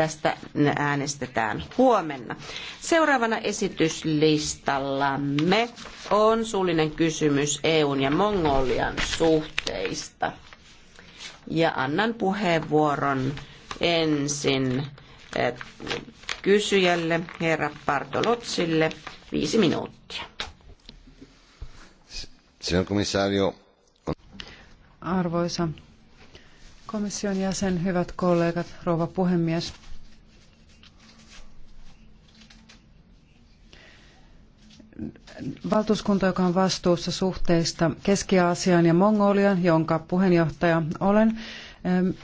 tästä äänestetään huomenna. Seuraavana esityslistallamme on suullinen kysymys EUn ja Mongolian suhteista. Ja annan puheenvuoron ensin eh, kysyjälle, herra Partolotsille, viisi minuuttia. Signor Arvoisa komission jäsen, hyvät kollegat, rouva puhemies. valtuuskunta, joka on vastuussa suhteista Keski-Aasiaan ja Mongolian, jonka puheenjohtaja olen,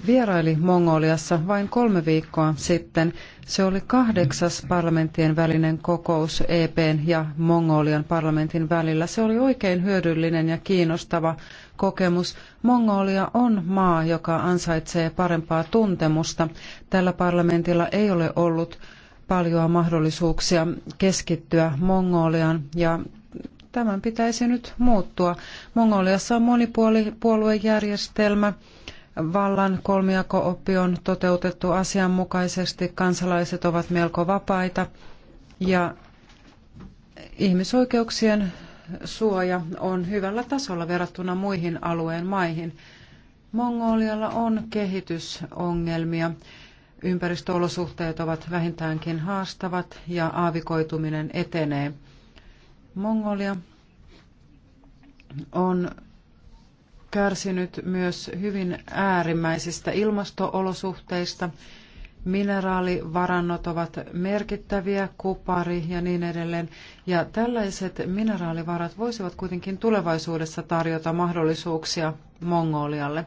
vieraili Mongoliassa vain kolme viikkoa sitten. Se oli kahdeksas parlamenttien välinen kokous EPn ja Mongolian parlamentin välillä. Se oli oikein hyödyllinen ja kiinnostava kokemus. Mongolia on maa, joka ansaitsee parempaa tuntemusta. Tällä parlamentilla ei ole ollut paljon mahdollisuuksia keskittyä Mongolian ja tämän pitäisi nyt muuttua. Mongoliassa on monipuoluejärjestelmä, vallan kolmijako-oppi on toteutettu asianmukaisesti, kansalaiset ovat melko vapaita ja ihmisoikeuksien suoja on hyvällä tasolla verrattuna muihin alueen maihin. Mongolialla on kehitysongelmia Ympäristöolosuhteet ovat vähintäänkin haastavat ja aavikoituminen etenee. Mongolia on kärsinyt myös hyvin äärimmäisistä ilmastoolosuhteista mineraalivarannot ovat merkittäviä, kupari ja niin edelleen. Ja tällaiset mineraalivarat voisivat kuitenkin tulevaisuudessa tarjota mahdollisuuksia Mongolialle.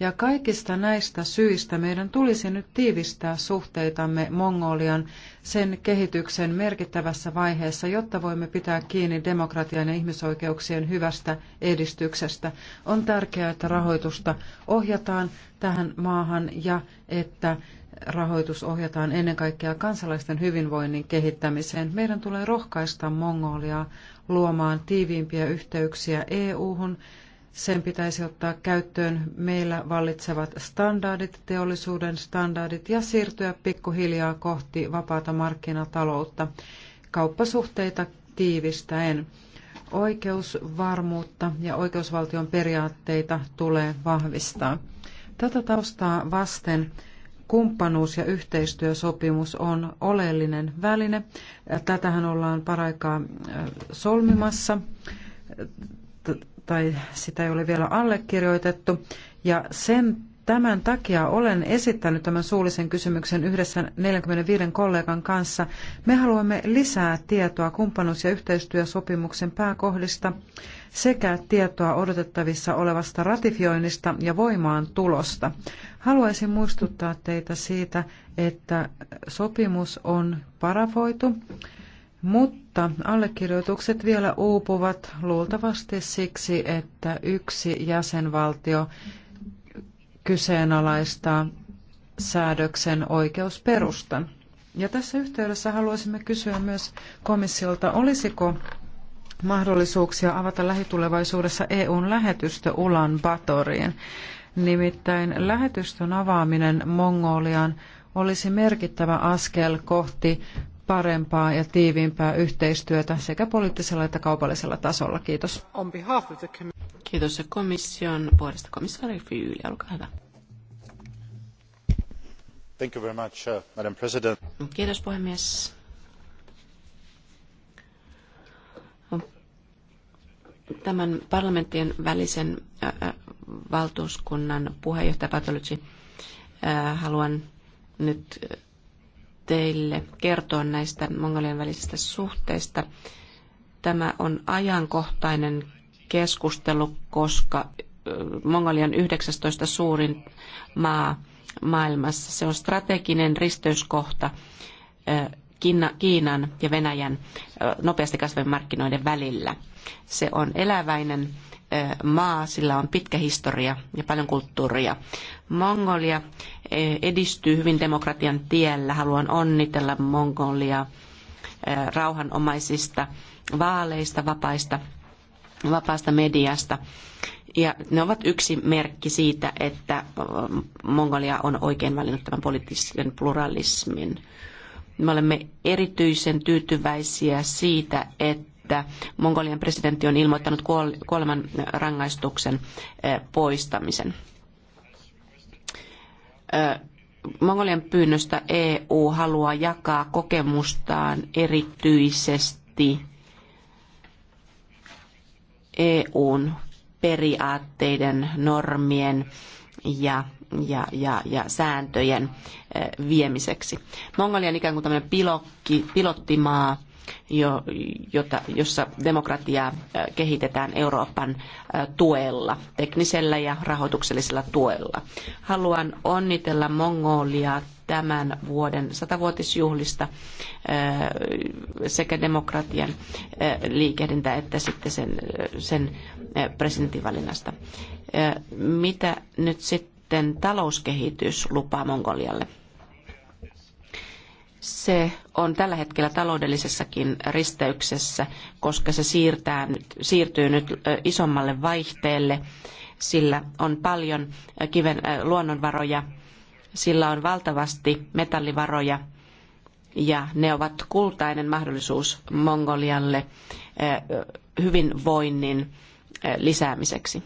Ja kaikista näistä syistä meidän tulisi nyt tiivistää suhteitamme Mongolian sen kehityksen merkittävässä vaiheessa, jotta voimme pitää kiinni demokratian ja ihmisoikeuksien hyvästä edistyksestä. On tärkeää, että rahoitusta ohjataan tähän maahan ja että rahoitus ohjataan ennen kaikkea kansalaisten hyvinvoinnin kehittämiseen. Meidän tulee rohkaista Mongoliaa luomaan tiiviimpiä yhteyksiä EU-hun. Sen pitäisi ottaa käyttöön meillä vallitsevat standardit, teollisuuden standardit ja siirtyä pikkuhiljaa kohti vapaata markkinataloutta kauppasuhteita tiivistäen. Oikeusvarmuutta ja oikeusvaltion periaatteita tulee vahvistaa. Tätä taustaa vasten kumppanuus- ja yhteistyösopimus on oleellinen väline. Tätähän ollaan paraikaa solmimassa tai sitä ei ole vielä allekirjoitettu. Ja sen tämän takia olen esittänyt tämän suullisen kysymyksen yhdessä 45 kollegan kanssa. Me haluamme lisää tietoa kumppanuus- ja yhteistyösopimuksen pääkohdista sekä tietoa odotettavissa olevasta ratifioinnista ja voimaan tulosta. Haluaisin muistuttaa teitä siitä, että sopimus on parafoitu, mutta allekirjoitukset vielä uupuvat luultavasti siksi, että yksi jäsenvaltio kyseenalaistaa säädöksen oikeusperustan. Ja tässä yhteydessä haluaisimme kysyä myös komissiolta, olisiko mahdollisuuksia avata lähitulevaisuudessa EUn lähetystö Ulan Batoriin. Nimittäin lähetystön avaaminen Mongoliaan olisi merkittävä askel kohti parempaa ja tiiviimpää yhteistyötä sekä poliittisella että kaupallisella tasolla. Kiitos. Kiitos komission puolesta komissaari Fyyli, olkaa hyvä. Thank you very much, uh, Madam President. Kiitos puhemies. tämän parlamenttien välisen valtuuskunnan puheenjohtaja Patolici, haluan nyt teille kertoa näistä mongolien välisistä suhteista. Tämä on ajankohtainen keskustelu, koska Mongolian 19 suurin maa maailmassa. Se on strateginen risteyskohta Kiinan ja Venäjän nopeasti kasvavien markkinoiden välillä. Se on eläväinen maa, sillä on pitkä historia ja paljon kulttuuria. Mongolia e, edistyy hyvin demokratian tiellä. Haluan onnitella Mongolia rauhanomaisista vaaleista, vapaista, vapaasta mediasta. Ja ne ovat yksi merkki siitä, että Mongolia on oikein valinnut tämän poliittisen pluralismin me olemme erityisen tyytyväisiä siitä, että Mongolian presidentti on ilmoittanut kuoleman rangaistuksen poistamisen. Mongolian pyynnöstä EU haluaa jakaa kokemustaan erityisesti EUn periaatteiden, normien ja ja, ja, ja sääntöjen eh, viemiseksi. Mongolia on ikään kuin tämmöinen pilokki, pilottimaa, jo, jota, jossa demokratiaa eh, kehitetään Euroopan eh, tuella, teknisellä ja rahoituksellisella tuella. Haluan onnitella Mongolia tämän vuoden satavuotisjuhlista sekä demokratian liikehdintä että sitten sen, sen presidentinvalinnasta. Mitä nyt sitten sitten talouskehitys lupaa Mongolialle. Se on tällä hetkellä taloudellisessakin risteyksessä, koska se siirtää nyt, siirtyy nyt isommalle vaihteelle. Sillä on paljon kiven, luonnonvaroja, sillä on valtavasti metallivaroja ja ne ovat kultainen mahdollisuus Mongolialle hyvinvoinnin lisäämiseksi.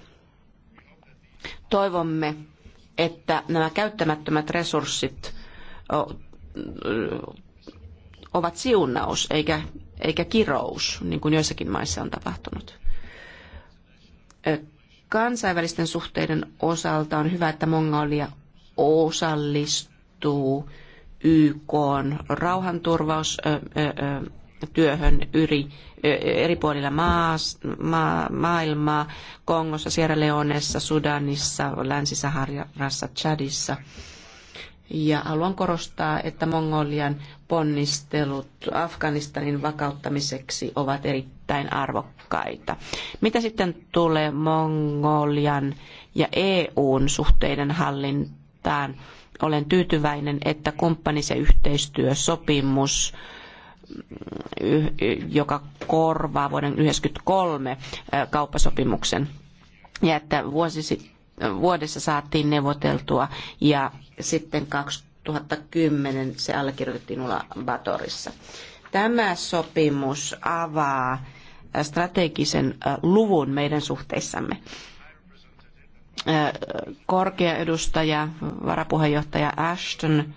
Toivomme, että nämä käyttämättömät resurssit ovat siunaus eikä, eikä kirous, niin kuin joissakin maissa on tapahtunut. Kansainvälisten suhteiden osalta on hyvä, että Mongolia osallistuu YK rauhanturvaus työhön yri, eri puolilla maas, ma, maailmaa, Kongossa, Sierra Leoneessa, Sudanissa, Länsi-Saharassa, Chadissa. Ja haluan korostaa, että Mongolian ponnistelut Afganistanin vakauttamiseksi ovat erittäin arvokkaita. Mitä sitten tulee Mongolian ja EUn suhteiden hallintaan? Olen tyytyväinen, että kumppanis- ja yhteistyösopimus joka korvaa vuoden 1993 kauppasopimuksen. Ja että vuosi, vuodessa saatiin neuvoteltua ja sitten 2010 se allekirjoitettiin Batorissa Tämä sopimus avaa strategisen luvun meidän suhteissamme korkea edustaja, varapuheenjohtaja Ashton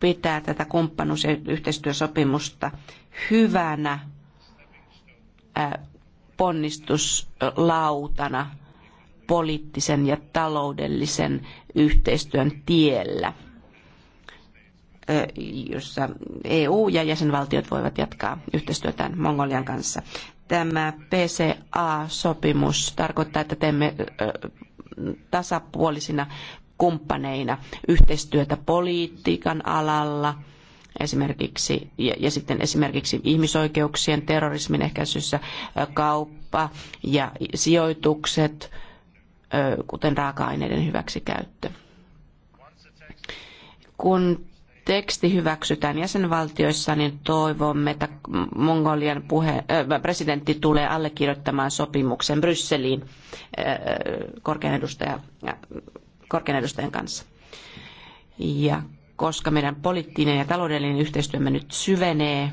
pitää tätä kumppanuus- ja yhteistyösopimusta hyvänä ponnistuslautana poliittisen ja taloudellisen yhteistyön tiellä, jossa EU ja jäsenvaltiot voivat jatkaa yhteistyötään Mongolian kanssa. Tämä PCA-sopimus tarkoittaa, että teemme tasapuolisina kumppaneina yhteistyötä politiikan alalla, esimerkiksi, ja, ja sitten esimerkiksi ihmisoikeuksien, terrorismin ehkäisyssä, kauppa ja sijoitukset, kuten raaka-aineiden hyväksikäyttö. Kun teksti hyväksytään jäsenvaltioissa, niin toivomme, että Mongolian puhe, äh, presidentti tulee allekirjoittamaan sopimuksen Brysseliin äh, korkean edustajan korkean edustajan kanssa. Ja koska meidän poliittinen ja taloudellinen yhteistyömme nyt syvenee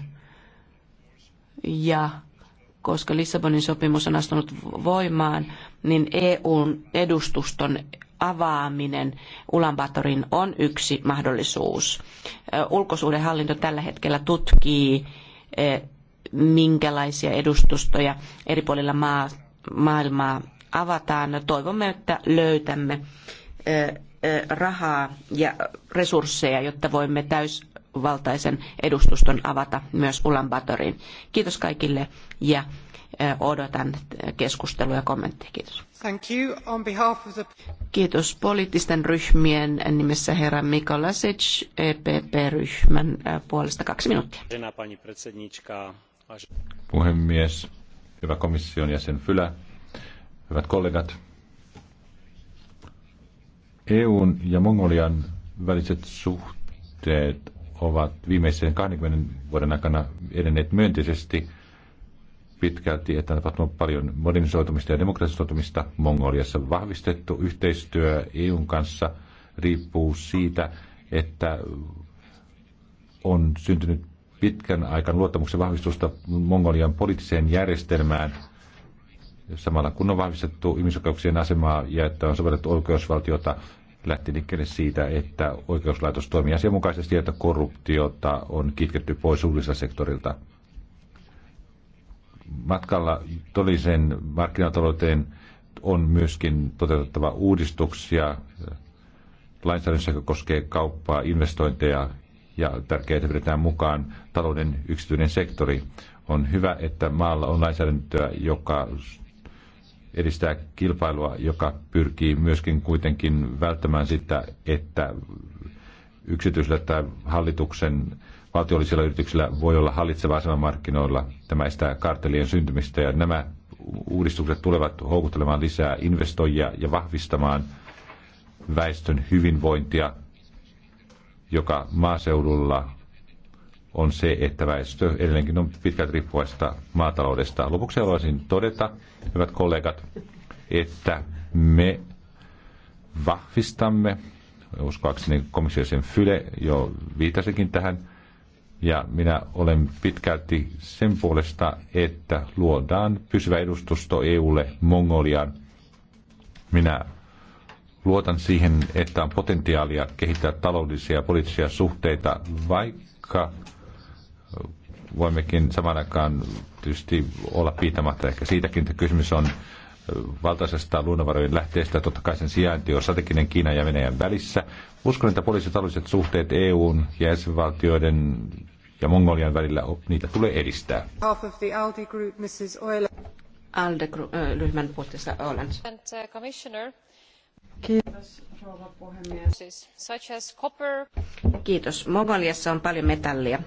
ja koska Lissabonin sopimus on astunut voimaan, niin EUn edustuston avaaminen Ulanbatorin on yksi mahdollisuus. Ulkosuhdehallinto tällä hetkellä tutkii, minkälaisia edustustoja eri puolilla maailmaa avataan. Toivomme, että löytämme rahaa ja resursseja, jotta voimme täysvaltaisen edustuston avata myös Ulaanbatoriin. Kiitos kaikille ja odotan keskustelua ja kommentteja. Kiitos. The... Kiitos poliittisten ryhmien nimissä herra Mikolasic, EPP-ryhmän puolesta kaksi minuuttia. Puhemies, hyvä komission jäsen Fylä, hyvät kollegat, EUn ja Mongolian väliset suhteet ovat viimeisen 20 vuoden aikana edenneet myönteisesti pitkälti, että on tapahtunut paljon modernisoitumista ja demokratisoitumista Mongoliassa. Vahvistettu yhteistyö EUn kanssa riippuu siitä, että on syntynyt pitkän aikan luottamuksen vahvistusta Mongolian poliittiseen järjestelmään – samalla kun on vahvistettu ihmisoikeuksien asemaa ja että on sovellettu oikeusvaltiota, lähti liikkeelle siitä, että oikeuslaitos toimii asianmukaisesti että korruptiota on kitketty pois julkiselta sektorilta. Matkalla todelliseen markkinatalouteen on myöskin toteutettava uudistuksia lainsäädännössä, joka koskee kauppaa, investointeja ja tärkeää, että pidetään mukaan talouden yksityinen sektori. On hyvä, että maalla on lainsäädäntöä, joka edistää kilpailua, joka pyrkii myöskin kuitenkin välttämään sitä, että yksityisellä tai hallituksen valtiollisilla yrityksillä voi olla hallitseva asema markkinoilla. Tämä estää kartelien syntymistä ja nämä uudistukset tulevat houkuttelemaan lisää investoijia ja vahvistamaan väestön hyvinvointia, joka maaseudulla on se, että väestö edelleenkin on pitkälti riippuvaista maataloudesta. Lopuksi haluaisin todeta, hyvät kollegat, että me vahvistamme, uskoakseni komissiosen Fyle jo viitasikin tähän, ja minä olen pitkälti sen puolesta, että luodaan pysyvä edustusto EUlle Mongoliaan. Minä luotan siihen, että on potentiaalia kehittää taloudellisia ja poliittisia suhteita, vaikka voimmekin saman aikaan tietysti olla piitamatta ehkä siitäkin, että kysymys on valtaisesta luonnonvarojen lähteestä. Totta kai sen sijainti on strateginen Kiinan ja Venäjän välissä. Uskon, että poliisitaloudelliset suhteet EUn ja jäsenvaltioiden ja Mongolian välillä niitä tulee edistää. ALDE-ryhmän puolesta Oland. Kiitos, rouva puhemies. Siis Kiitos. Mongoliassa on paljon metallia,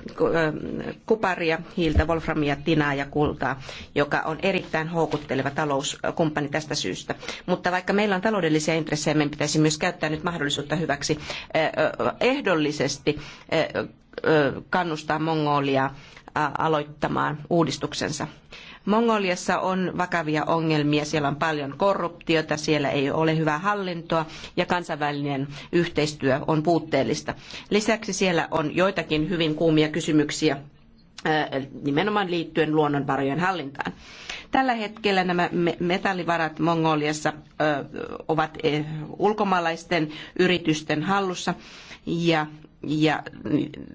kuparia, hiiltä, wolframia, tinaa ja kultaa, joka on erittäin houkutteleva talouskumppani tästä syystä. Mutta vaikka meillä on taloudellisia intressejä, meidän pitäisi myös käyttää nyt mahdollisuutta hyväksi ehdollisesti kannustaa Mongoliaa aloittamaan uudistuksensa. Mongoliassa on vakavia ongelmia, siellä on paljon korruptiota, siellä ei ole hyvää hallintoa ja kansainvälinen yhteistyö on puutteellista. Lisäksi siellä on joitakin hyvin kuumia kysymyksiä nimenomaan liittyen luonnonvarojen hallintaan. Tällä hetkellä nämä metallivarat Mongoliassa ovat ulkomaalaisten yritysten hallussa ja ja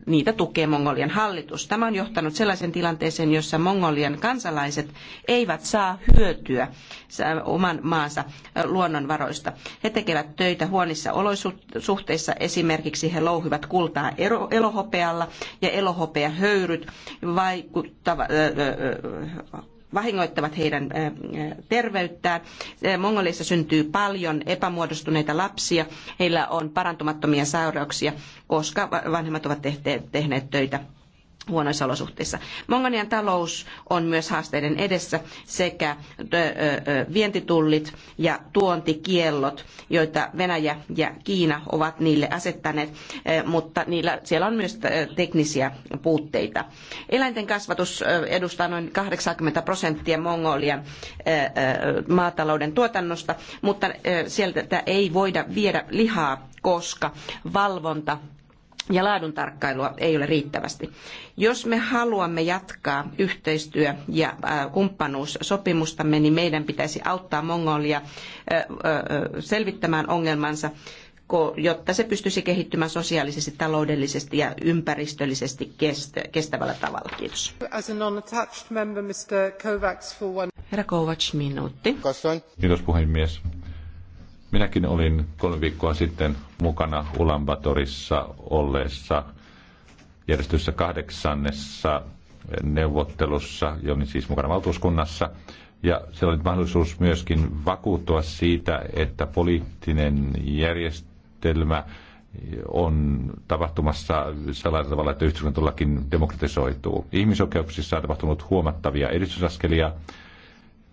niitä tukee Mongolian hallitus. Tämä on johtanut sellaisen tilanteeseen, jossa Mongolian kansalaiset eivät saa hyötyä oman maansa luonnonvaroista. He tekevät töitä huonissa olosuhteissa, esimerkiksi he louhivat kultaa elohopealla ja elohopeahöyryt vaikuttavat vahingoittavat heidän terveyttään. Mongoliassa syntyy paljon epämuodostuneita lapsia, heillä on parantumattomia sairauksia, koska vanhemmat ovat tehneet töitä huonoissa olosuhteissa. Mongolian talous on myös haasteiden edessä sekä vientitullit ja tuontikiellot, joita Venäjä ja Kiina ovat niille asettaneet, mutta niillä, siellä on myös teknisiä puutteita. Eläinten kasvatus edustaa noin 80 prosenttia Mongolian maatalouden tuotannosta, mutta sieltä ei voida viedä lihaa, koska valvonta ja tarkkailua ei ole riittävästi. Jos me haluamme jatkaa yhteistyö- ja kumppanuussopimustamme, niin meidän pitäisi auttaa Mongolia selvittämään ongelmansa, jotta se pystyisi kehittymään sosiaalisesti, taloudellisesti ja ympäristöllisesti kestävällä tavalla. Kiitos. Herra Kovacs, minuutti. Kiitos puhemies. Minäkin olin kolme viikkoa sitten mukana Ulambatorissa olleessa järjestössä kahdeksannessa neuvottelussa, ja olin siis mukana valtuuskunnassa. Ja se oli mahdollisuus myöskin vakuuttua siitä, että poliittinen järjestelmä on tapahtumassa sellaisella tavalla, että yhteiskuntalakin demokratisoituu. Ihmisoikeuksissa on tapahtunut huomattavia edistysaskelia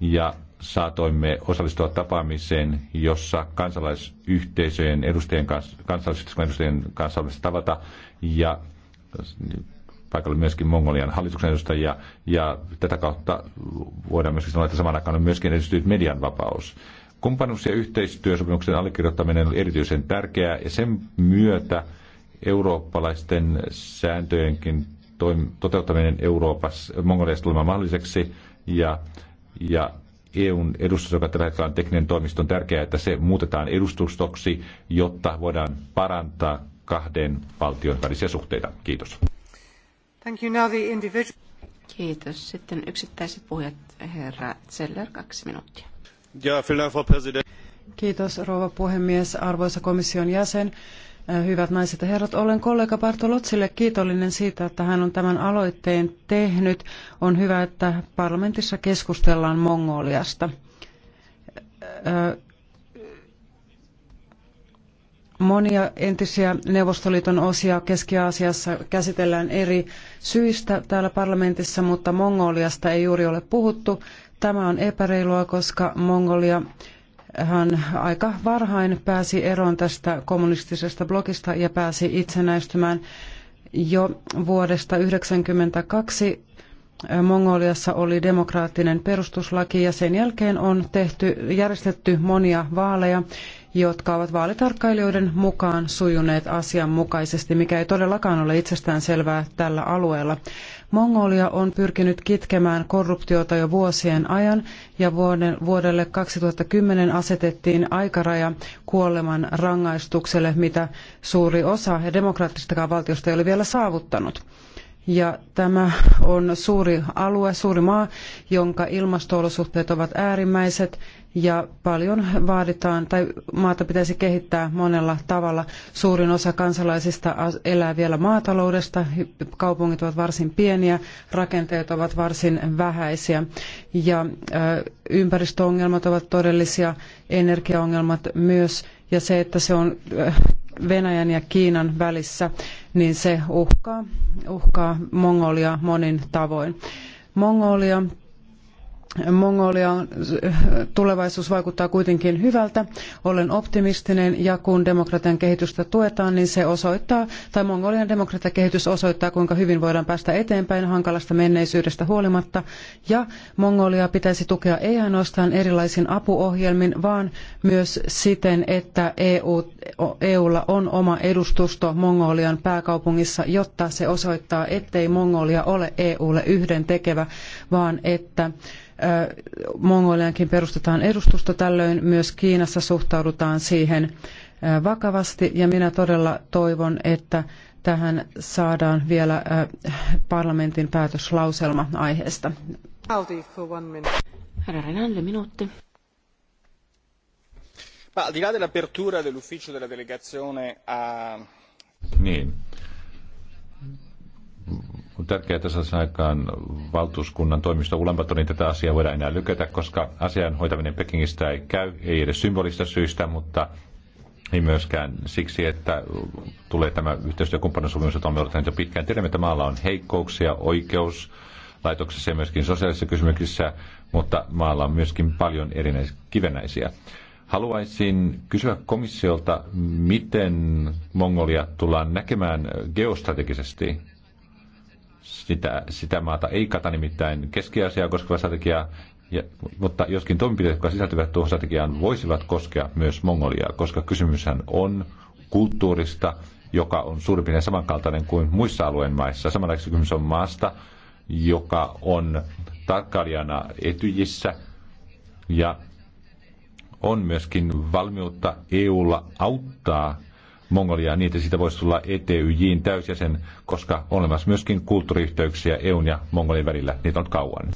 ja saatoimme osallistua tapaamiseen, jossa kansalaisyhteisöjen edustajien kanssa, kansalaisyhteisöjen edustajien kanssa tavata ja paikalla myöskin Mongolian hallituksen edustajia, ja tätä kautta voidaan myöskin sanoa, että saman aikaan on myöskin edistynyt median vapaus. Kumppanuus- ja yhteistyösopimuksen allekirjoittaminen oli erityisen tärkeää, ja sen myötä eurooppalaisten sääntöjenkin toteuttaminen Euroopassa, Mongoliassa tulemaan mahdolliseksi, ja, ja EUn edustus, joka tällä hetkellä on tekninen toimisto, on tärkeää, että se muutetaan edustustoksi, jotta voidaan parantaa kahden valtion välisiä suhteita. Kiitos. Thank you. Now the individual... Kiitos. Sitten yksittäiset puhujat, herra Zeller, kaksi minuuttia. Ja, vielen Kiitos, rouva puhemies, arvoisa komission jäsen. Hyvät naiset ja herrat, olen kollega Bartolotsille kiitollinen siitä, että hän on tämän aloitteen tehnyt. On hyvä, että parlamentissa keskustellaan Mongoliasta. Monia entisiä Neuvostoliiton osia Keski-Aasiassa käsitellään eri syistä täällä parlamentissa, mutta Mongoliasta ei juuri ole puhuttu. Tämä on epäreilua, koska Mongolia hän aika varhain pääsi eroon tästä kommunistisesta blokista ja pääsi itsenäistymään jo vuodesta 1992 Mongoliassa oli demokraattinen perustuslaki ja sen jälkeen on tehty, järjestetty monia vaaleja, jotka ovat vaalitarkkailijoiden mukaan sujuneet asianmukaisesti, mikä ei todellakaan ole itsestään selvää tällä alueella. Mongolia on pyrkinyt kitkemään korruptiota jo vuosien ajan ja vuodelle 2010 asetettiin aikaraja kuoleman rangaistukselle, mitä suuri osa demokraattistakaan valtiosta ei ole vielä saavuttanut. Ja tämä on suuri alue, suuri maa, jonka ilmastoolosuhteet ovat äärimmäiset ja paljon vaaditaan, tai maata pitäisi kehittää monella tavalla. Suurin osa kansalaisista elää vielä maataloudesta, kaupungit ovat varsin pieniä, rakenteet ovat varsin vähäisiä ja ympäristöongelmat ovat todellisia, energiaongelmat myös, ja se, että se on Venäjän ja Kiinan välissä, niin se uhkaa, uhkaa Mongolia monin tavoin. Mongolia Mongolian tulevaisuus vaikuttaa kuitenkin hyvältä. Olen optimistinen ja kun demokratian kehitystä tuetaan, niin se osoittaa, tai Mongolian demokratiakehitys osoittaa, kuinka hyvin voidaan päästä eteenpäin hankalasta menneisyydestä huolimatta. Ja Mongolia pitäisi tukea ei ainoastaan erilaisin apuohjelmin, vaan myös siten, että EU, EUlla on oma edustusto Mongolian pääkaupungissa, jotta se osoittaa, ettei Mongolia ole EUlle yhdentekevä, vaan että Mongoliankin perustetaan edustusta tällöin, myös Kiinassa suhtaudutaan siihen vakavasti ja minä todella toivon, että tähän saadaan vielä parlamentin päätöslauselma aiheesta. Herra Renalle minuutti. Ma al di là dell'apertura dell'ufficio della delegazione a... Niin tärkeää, tässä aikaan valtuuskunnan toimisto Ulaanbaatoniin tätä asiaa voidaan enää lykätä, koska asian hoitaminen Pekingistä ei käy, ei edes symbolista syistä, mutta ei myöskään siksi, että tulee tämä yhteistyökumppanisuunnitelma, jota on odottaneet jo pitkään. Tiedämme, että maalla on heikkouksia, oikeus, laitoksessa ja myöskin sosiaalisissa kysymyksissä, mutta maalla on myöskin paljon erinäisiä kivenäisiä. Haluaisin kysyä komissiolta, miten Mongolia tullaan näkemään geostrategisesti sitä, sitä maata ei kata nimittäin keski-Asiaa koskeva strategia, ja, mutta joskin toimenpiteet, jotka sisältyvät tuohon strategiaan, voisivat koskea myös Mongoliaa, koska kysymyshän on kulttuurista, joka on suurin piirtein samankaltainen kuin muissa alueen maissa. Samanlaiseksi kysymys on maasta, joka on tarkkailijana etyjissä ja on myöskin valmiutta EUlla auttaa Mongoliaa niin, että siitä voisi tulla ETYJin täysjäsen, koska on olemassa myöskin kulttuuriyhteyksiä EUn ja Mongolin välillä. Niitä on kauan.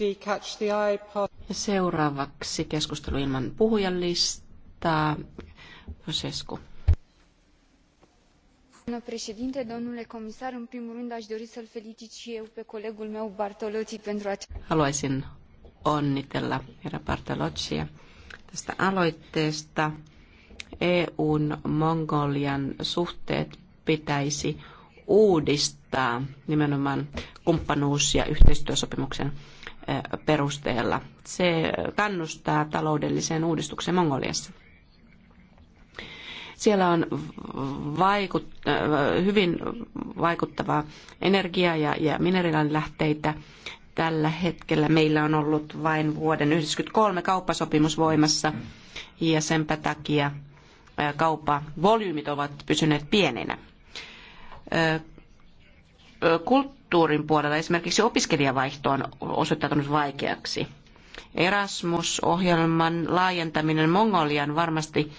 Seuraavaksi keskustelu ilman puhujan listaa. Sesku. în primul rând aș dori să-l felicit și eu pe colegul meu Bartolotti pentru acest... Haluaisin onnitella herra Bartolottia tästä aloitteesta EUn Mongolian suhteet pitäisi uudistaa nimenomaan kumppanuus- ja yhteistyösopimuksen perusteella. Se kannustaa taloudelliseen uudistukseen Mongoliassa. Siellä on vaikut, hyvin vaikuttavaa energia ja, ja mineraalilähteitä. Tällä hetkellä meillä on ollut vain vuoden 1993 kauppasopimus voimassa ja senpä takia kauppavolyymit ovat pysyneet pieninä. Kulttuurin puolella esimerkiksi opiskelijavaihto on osoittautunut vaikeaksi. Erasmus-ohjelman laajentaminen Mongolian varmasti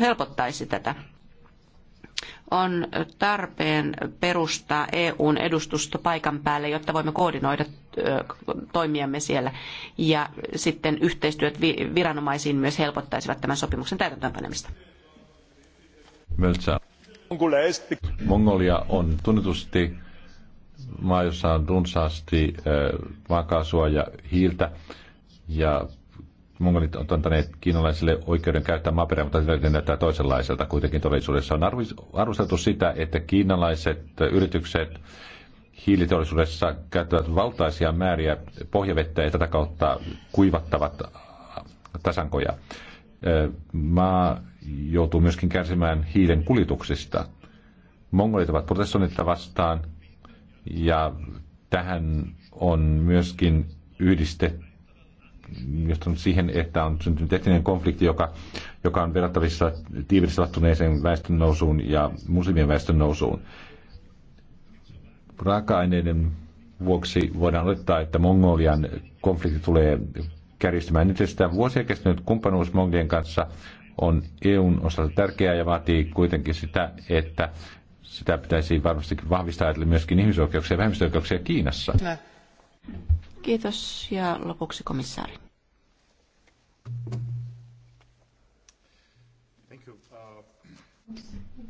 helpottaisi tätä on tarpeen perustaa EUn edustusto paikan päälle, jotta voimme koordinoida toimiamme siellä. Ja sitten yhteistyöt viranomaisiin myös helpottaisivat tämän sopimuksen täytäntöönpanemista. Mongolia on tunnetusti maa, jossa on runsaasti maakaasua ja hiiltä. Ja mongolit ovat antaneet kiinalaisille oikeuden käyttää maaperää, mutta se näyttää toisenlaiselta. Kuitenkin todellisuudessa on arvosteltu sitä, että kiinalaiset yritykset hiiliteollisuudessa käyttävät valtaisia määriä pohjavettä ja tätä kautta kuivattavat tasankoja. Maa joutuu myöskin kärsimään hiilen kuljetuksista. Mongolit ovat protestoinnetta vastaan ja tähän on myöskin yhdistetty johtanut siihen, että on syntynyt etninen konflikti, joka, joka on verrattavissa tiivistelattuneeseen väestön nousuun ja muslimien väestön nousuun. Raaka-aineiden vuoksi voidaan olettaa, että Mongolian konflikti tulee kärjistymään sitä Vuosia kestänyt kumppanuus Mongolian kanssa on EUn osalta tärkeää ja vaatii kuitenkin sitä, että sitä pitäisi varmasti vahvistaa myöskin ihmisoikeuksia ja vähemmistöoikeuksia Kiinassa. Kiitos ja lopuksi komissaari. Uh,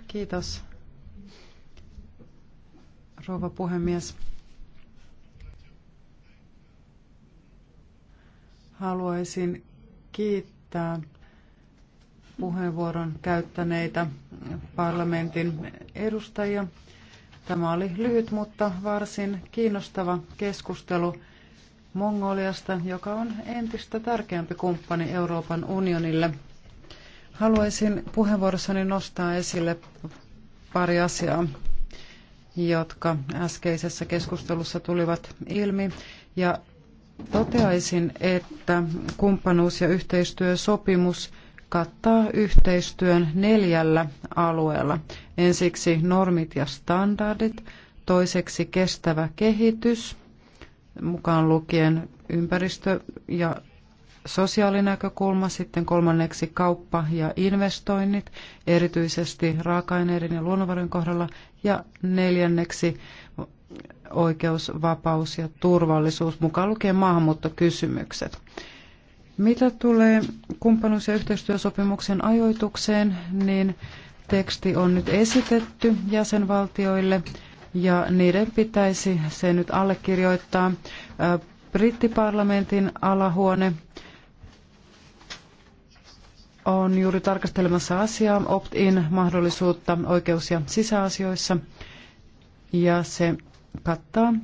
Kiitos, rouva puhemies. Haluaisin kiittää puheenvuoron käyttäneitä parlamentin edustajia. Tämä oli lyhyt, mutta varsin kiinnostava keskustelu. Mongoliasta, joka on entistä tärkeämpi kumppani Euroopan unionille. Haluaisin puheenvuorossani nostaa esille pari asiaa, jotka äskeisessä keskustelussa tulivat ilmi. Ja toteaisin, että kumppanuus- ja yhteistyösopimus kattaa yhteistyön neljällä alueella. Ensiksi normit ja standardit, toiseksi kestävä kehitys – mukaan lukien ympäristö- ja sosiaalinäkökulma, sitten kolmanneksi kauppa ja investoinnit, erityisesti raaka-aineiden ja luonnonvarojen kohdalla, ja neljänneksi oikeus, vapaus ja turvallisuus, mukaan lukien maahanmuuttokysymykset. Mitä tulee kumppanuus- ja yhteistyösopimuksen ajoitukseen, niin teksti on nyt esitetty jäsenvaltioille ja niiden pitäisi se nyt allekirjoittaa. Brittiparlamentin alahuone on juuri tarkastelemassa asiaa, opt-in-mahdollisuutta oikeus- ja sisäasioissa, ja se kattaa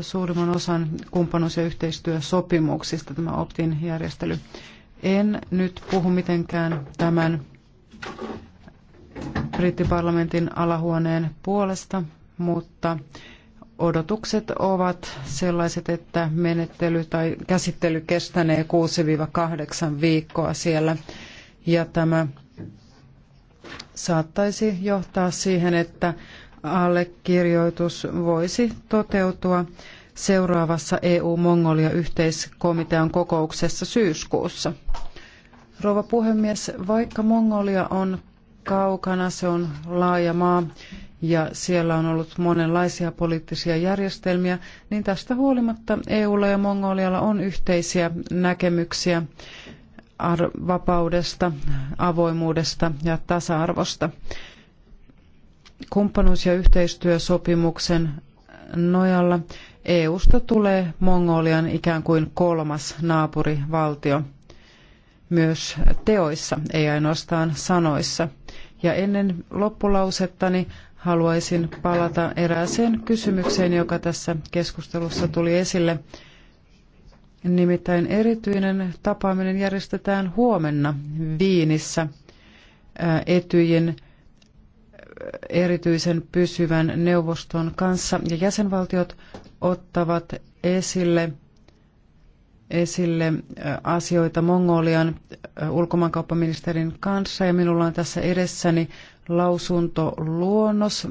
suurimman osan kumppanuus- ja yhteistyösopimuksista tämä opt-in-järjestely. En nyt puhu mitenkään tämän brittiparlamentin alahuoneen puolesta, mutta odotukset ovat sellaiset, että menettely tai käsittely kestänee 6-8 viikkoa siellä. Ja tämä saattaisi johtaa siihen, että allekirjoitus voisi toteutua seuraavassa EU-Mongolia-yhteiskomitean kokouksessa syyskuussa. Rouva puhemies, vaikka Mongolia on kaukana, se on laaja maa ja siellä on ollut monenlaisia poliittisia järjestelmiä, niin tästä huolimatta EUlla ja Mongolialla on yhteisiä näkemyksiä vapaudesta, avoimuudesta ja tasa-arvosta. Kumppanuus- ja yhteistyösopimuksen nojalla EUsta tulee Mongolian ikään kuin kolmas naapurivaltio myös teoissa, ei ainoastaan sanoissa – ja ennen loppulausettani haluaisin palata erääseen kysymykseen, joka tässä keskustelussa tuli esille. Nimittäin erityinen tapaaminen järjestetään huomenna Viinissä äh, Etyjin äh, erityisen pysyvän neuvoston kanssa ja jäsenvaltiot ottavat esille esille asioita Mongolian ulkomaankauppaministerin kanssa ja minulla on tässä edessäni lausuntoluonnos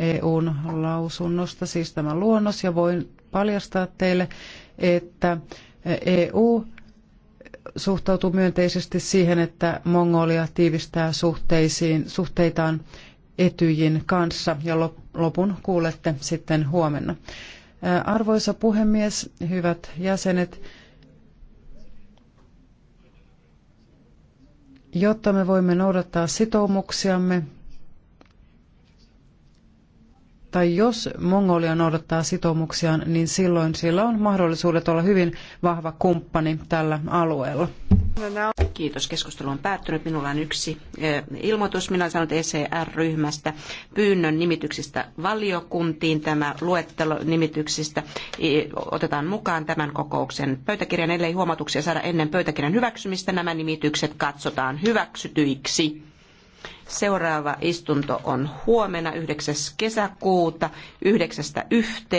EUn lausunnosta, siis tämä luonnos ja voin paljastaa teille, että EU suhtautuu myönteisesti siihen, että Mongolia tiivistää suhteisiin, suhteitaan Etyjin kanssa ja lopun kuulette sitten huomenna. Arvoisa puhemies, hyvät jäsenet, jotta me voimme noudattaa sitoumuksiamme tai jos Mongolia noudattaa sitoumuksiaan, niin silloin sillä on mahdollisuudet olla hyvin vahva kumppani tällä alueella. Kiitos. Keskustelu on päättynyt. Minulla on yksi ilmoitus. Minä olen saanut ECR-ryhmästä pyynnön nimityksistä valiokuntiin. Tämä luettelo nimityksistä otetaan mukaan tämän kokouksen pöytäkirjan, ellei huomautuksia saada ennen pöytäkirjan hyväksymistä. Nämä nimitykset katsotaan hyväksytyiksi. Seuraava istunto on huomenna 9. kesäkuuta 9 9.1.